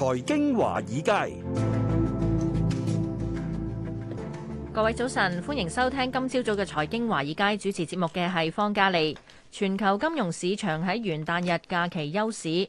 財經華爾街，各位早晨，歡迎收聽今朝早嘅財經華爾街主持節目嘅係方嘉利。全球金融市場喺元旦日假期休市。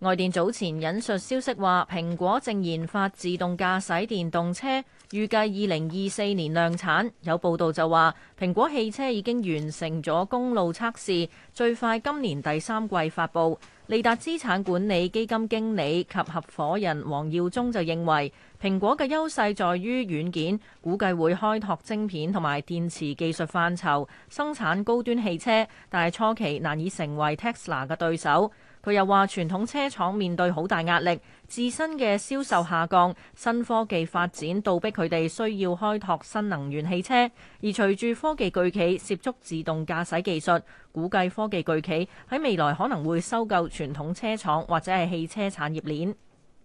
外電早前引述消息話，蘋果正研發自動駕駛電動車，預計二零二四年量產。有報道就話，蘋果汽車已經完成咗公路測試，最快今年第三季發佈。利達資產管理基金經理及合伙人黃耀宗就認為，蘋果嘅優勢在於軟件，估計會開拓晶片同埋電池技術範疇，生產高端汽車，但係初期難以成為 Tesla 嘅對手。佢又話：傳統車廠面對好大壓力，自身嘅銷售下降，新科技發展倒逼佢哋需要開拓新能源汽車。而隨住科技巨企涉足自動駕駛技術，估計科技巨企喺未來可能會收購傳統車廠或者係汽車產業鏈。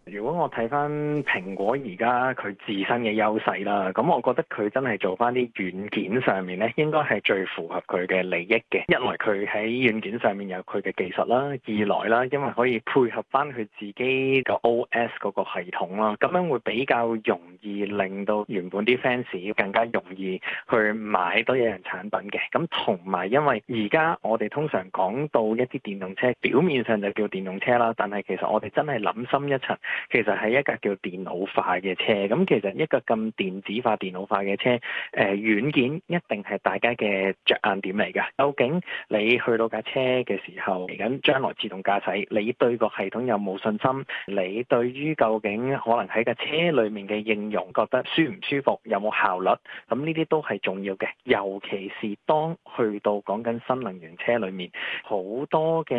如果我睇翻蘋果而家佢自身嘅優勢啦，咁我覺得佢真係做翻啲軟件上面咧，應該係最符合佢嘅利益嘅。一來佢喺軟件上面有佢嘅技術啦，二來啦，因為可以配合翻佢自己個 OS 嗰個系統啦，咁樣會比較容易令到原本啲 fans 更加容易去買多一樣產品嘅。咁同埋因為而家我哋通常講到一啲電動車，表面上就叫電動車啦，但係其實我哋真係諗深一層。其實係一架叫電腦化嘅車，咁其實一個咁電子化、電腦化嘅車，誒、呃，軟件一定係大家嘅着眼點嚟嘅。究竟你去到架車嘅時候，嚟緊將來自動駕駛，你對個系統有冇信心？你對於究竟可能喺架車裏面嘅應用，覺得舒唔舒服，有冇效率？咁呢啲都係重要嘅，尤其是當去到講緊新能源車裏面，好多嘅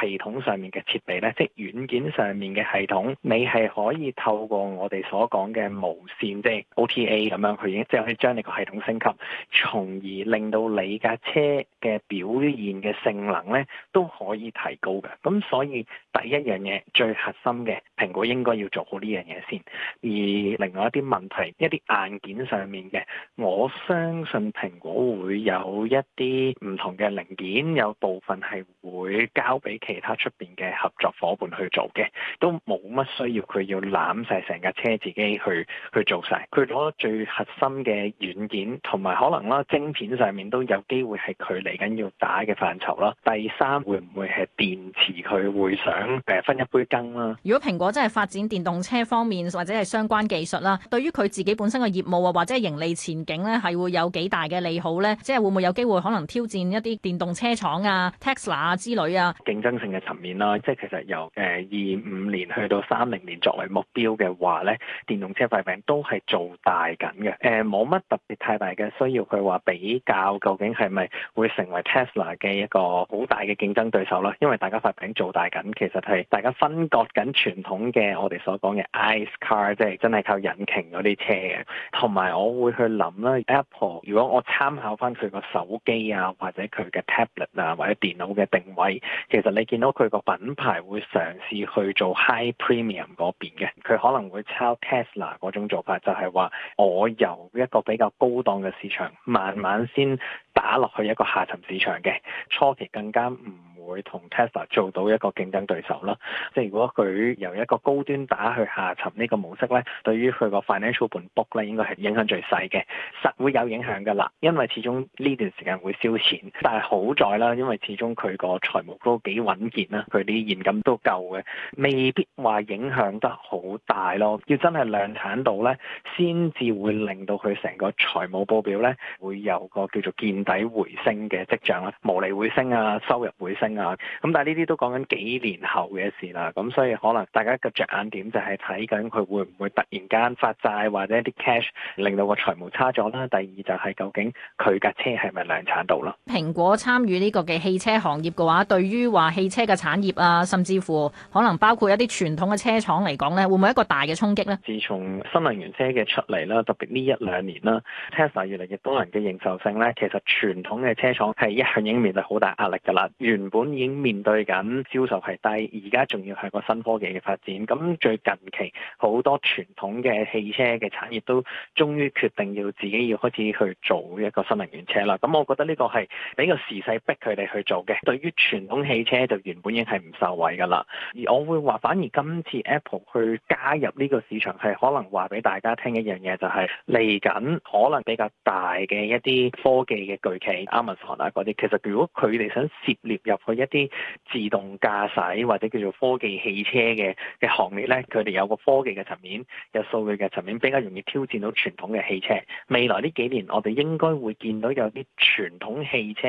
系統上面嘅設備呢，即係軟件上面嘅系統。你係可以透過我哋所講嘅無線，即係 OTA 咁樣，佢已經即係可以將你個系統升級，從而令到你架車嘅表現嘅性能咧都可以提高嘅。咁所以第一樣嘢最核心嘅，蘋果應該要做好呢樣嘢先。而另外一啲問題，一啲硬件上面嘅，我相信蘋果會有一啲唔同嘅零件，有部分係會交俾其他出面嘅合作伙伴去做嘅，都冇乜需要佢要攬晒成架車自己去去做晒，佢攞最核心嘅軟件同埋可能啦晶片上面都有機會係佢嚟緊要打嘅範疇啦。第三會唔會係電池佢會想誒分一杯羹啦？如果蘋果真係發展電動車方面或者係相關技術啦，對於佢自己本身嘅業務啊或者係盈利前景咧，係會有幾大嘅利好咧？即係會唔會有機會可能挑戰一啲電動車廠啊、Tesla、啊、之類啊競爭性嘅層面啦？即係其實由誒二五年去到三。零年作為目標嘅話咧，電動車塊餅都係做大緊嘅。誒，冇乜特別太大嘅需要。佢話比較究竟係咪會成為 Tesla 嘅一個好大嘅競爭對手咧？因為大家塊餅做大緊，其實係大家分割緊傳統嘅我哋所講嘅 ICE car，即係真係靠引擎嗰啲車嘅。同埋，我會去諗啦，Apple 如果我參考返佢個手機啊，或者佢嘅 tablet 啊，或者電腦嘅定位，其實你見到佢個品牌會嘗試去做 high premium。嗰邊嘅佢可能會抄 Tesla 嗰種做法，就係、是、話我由一個比較高檔嘅市場慢慢先打落去一個下沉市場嘅初期，更加唔。會同 Tesla 做到一個競爭對手啦。即係如果佢由一個高端打去下沉呢個模式咧，對於佢個 financial 盤 book 咧，應該係影響最細嘅。實會有影響㗎啦，因為始終呢段時間會燒錢。但係好在啦，因為始終佢個財務都幾穩健啦，佢啲現金都夠嘅，未必話影響得好大咯。要真係量產到咧，先至會令到佢成個財務報表咧，會有個叫做見底回升嘅跡象啦，毛利回升啊，收入回升。啊！咁但係呢啲都講緊幾年後嘅事啦，咁所以可能大家嘅着眼點就係睇緊佢會唔會突然間發債或者啲 cash 令到個財務差咗啦。第二就係究竟佢架車係咪量產到啦？蘋果參與呢個嘅汽車行業嘅話，對於話汽車嘅產業啊，甚至乎可能包括一啲傳統嘅車廠嚟講呢，會唔會一個大嘅衝擊呢？自從新能源車嘅出嚟啦，特別呢一兩年啦，Tesla 越嚟越多人嘅認受性呢，其實傳統嘅車廠係一向迎面係好大壓力㗎啦，原本。已經面對緊銷售係低，而家仲要係個新科技嘅發展。咁最近期好多傳統嘅汽車嘅產業都終於決定要自己要開始去做一個新能源車啦。咁我覺得呢個係比較時勢逼佢哋去做嘅。對於傳統汽車就原本已經係唔受惠㗎啦。而我會話，反而今次 Apple 去加入呢個市場，係可能話俾大家聽一樣嘢，就是，就係嚟緊可能比較大嘅一啲科技嘅巨企 Amazon 啊嗰啲，其實如果佢哋想涉獵入，一啲自動駕駛或者叫做科技汽車嘅嘅行列咧，佢哋有個科技嘅層面，有數據嘅層面，比較容易挑戰到傳統嘅汽車。未來呢幾年，我哋應該會見到有啲傳統汽車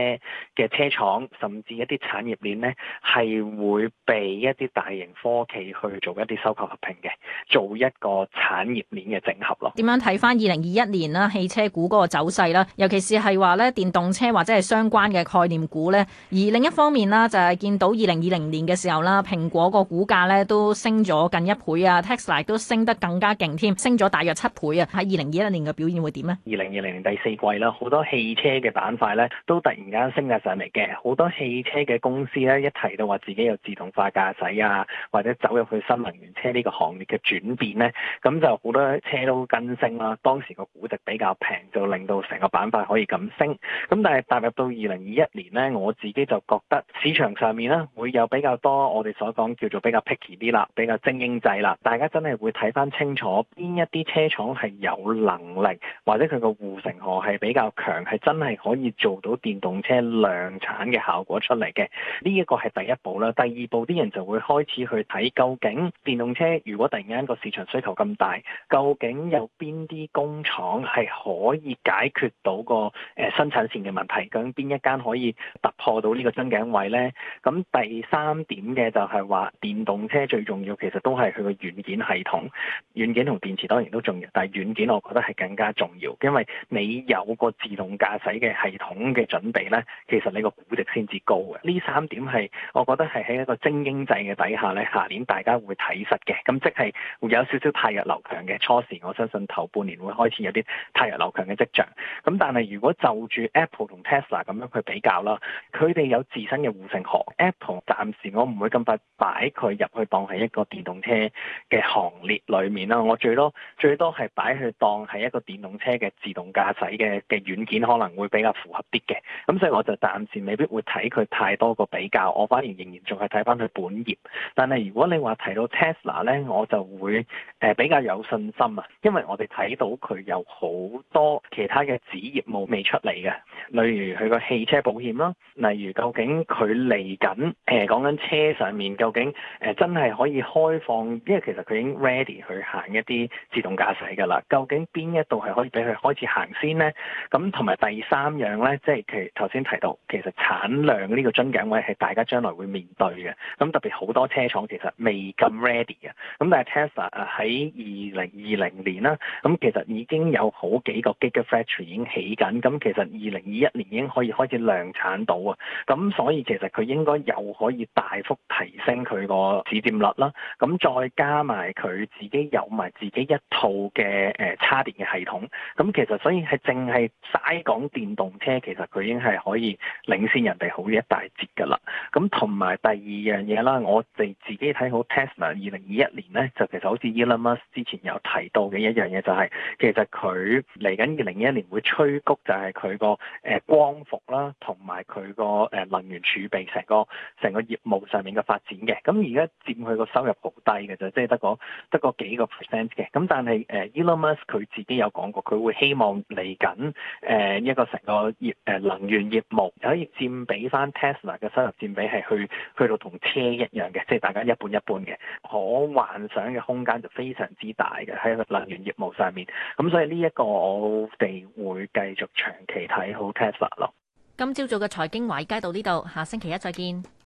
嘅車廠，甚至一啲產業鏈咧，係會被一啲大型科技去做一啲收購合併嘅，做一個產業鏈嘅整合咯。點樣睇翻二零二一年啦，汽車股嗰個走勢啦，尤其是係話咧電動車或者係相關嘅概念股咧，而另一方面。啦，就係見到二零二零年嘅時候啦，蘋果個股價咧都升咗近一倍啊，Tesla 都升得更加勁添，升咗大約七倍啊！喺二零二一年嘅表現會點咧？二零二零年第四季啦，好多汽車嘅板塊咧都突然間升咗上嚟嘅，好多汽車嘅公司咧一提到話自己有自動化駕駛啊，或者走入去新能源車呢個行業嘅轉變咧，咁就好多車都跟升啦。當時個估值比較平，就令到成個板塊可以咁升。咁但係踏入到二零二一年咧，我自己就覺得，市場上面咧會有比較多我哋所講叫做比較 picky 啲啦，比較精英制啦。大家真係會睇翻清楚邊一啲車廠係有能力，或者佢個護城河係比較強，係真係可以做到電動車量產嘅效果出嚟嘅。呢一個係第一步啦。第二步啲人就會開始去睇究竟電動車如果突然間個市場需求咁大，究竟有邊啲工廠係可以解決到個誒生產線嘅問題，究竟邊一間可以突破到呢個樽頸位？咧，咁第三點嘅就係話電動車最重要，其實都係佢個軟件系統，軟件同電池當然都重要，但係軟件我覺得係更加重要，因為你有個自動駕駛嘅系統嘅準備咧，其實你個估值先至高嘅。呢三點係我覺得係喺一個精英制嘅底下咧，下年大家會睇實嘅。咁即係會有少少汰弱留強嘅初時，我相信頭半年會開始有啲汰弱留強嘅跡象。咁但係如果就住 Apple 同 Tesla 咁樣去比較啦，佢哋有自身嘅。成 Apple 暫時我唔會咁快擺佢入去當係一個電動車嘅行列裡面啦，我最多最多係擺佢當係一個電動車嘅自動駕駛嘅嘅軟件，可能會比較符合啲嘅，咁所以我就暫時未必會睇佢太多個比較，我反而仍然仲係睇翻佢本業。但係如果你話提到 Tesla 咧，我就會誒、呃、比較有信心啊，因為我哋睇到佢有好多其他嘅子業務未出嚟嘅，例如佢個汽車保險啦，例如究竟佢。嚟緊誒講緊車上面究竟誒、呃、真係可以開放，因為其實佢已經 ready 去行一啲自動駕駛㗎啦。究竟邊一度係可以俾佢開始行先呢？咁同埋第三樣呢，即係其頭先提到，其實產量呢個樽頸位係大家將來會面對嘅。咁特別好多車廠其實未咁 ready 嘅。咁但係 Tesla 喺二零二零年啦，咁其實已經有好幾個 Gigafactory 已經起緊。咁其實二零二一年已經可以開始量產到啊。咁所以其實佢應該又可以大幅提升佢個市佔率啦，咁再加埋佢自己有埋自己一套嘅誒、呃、叉電嘅系統，咁其實所以係淨係齋講電動車，其實佢已經係可以領先人哋好一大截㗎啦。咁同埋第二樣嘢啦，我哋自己睇好 Tesla 二零二一年咧，就其實好似 Elon Musk 之前有提到嘅一樣嘢、就係，就係其實佢嚟緊二零二一年會催谷，就係佢個誒光伏啦，同埋佢個誒能源儲。被成個成個業務上面嘅發展嘅，咁而家佔佢個收入好低嘅就即係得個得個幾個 percent 嘅。咁但係 Elon Musk 佢自己有講過，佢會希望嚟緊誒一個成個業、呃、能源業務可以佔比翻 Tesla 嘅收入佔比係去去到同車一樣嘅，即係大家一半一半嘅。可幻想嘅空間就非常之大嘅喺能源業務上面。咁所以呢一個我哋會繼續長期睇好 Tesla 咯。今朝早嘅財經華爾街到呢度，下星期一再見。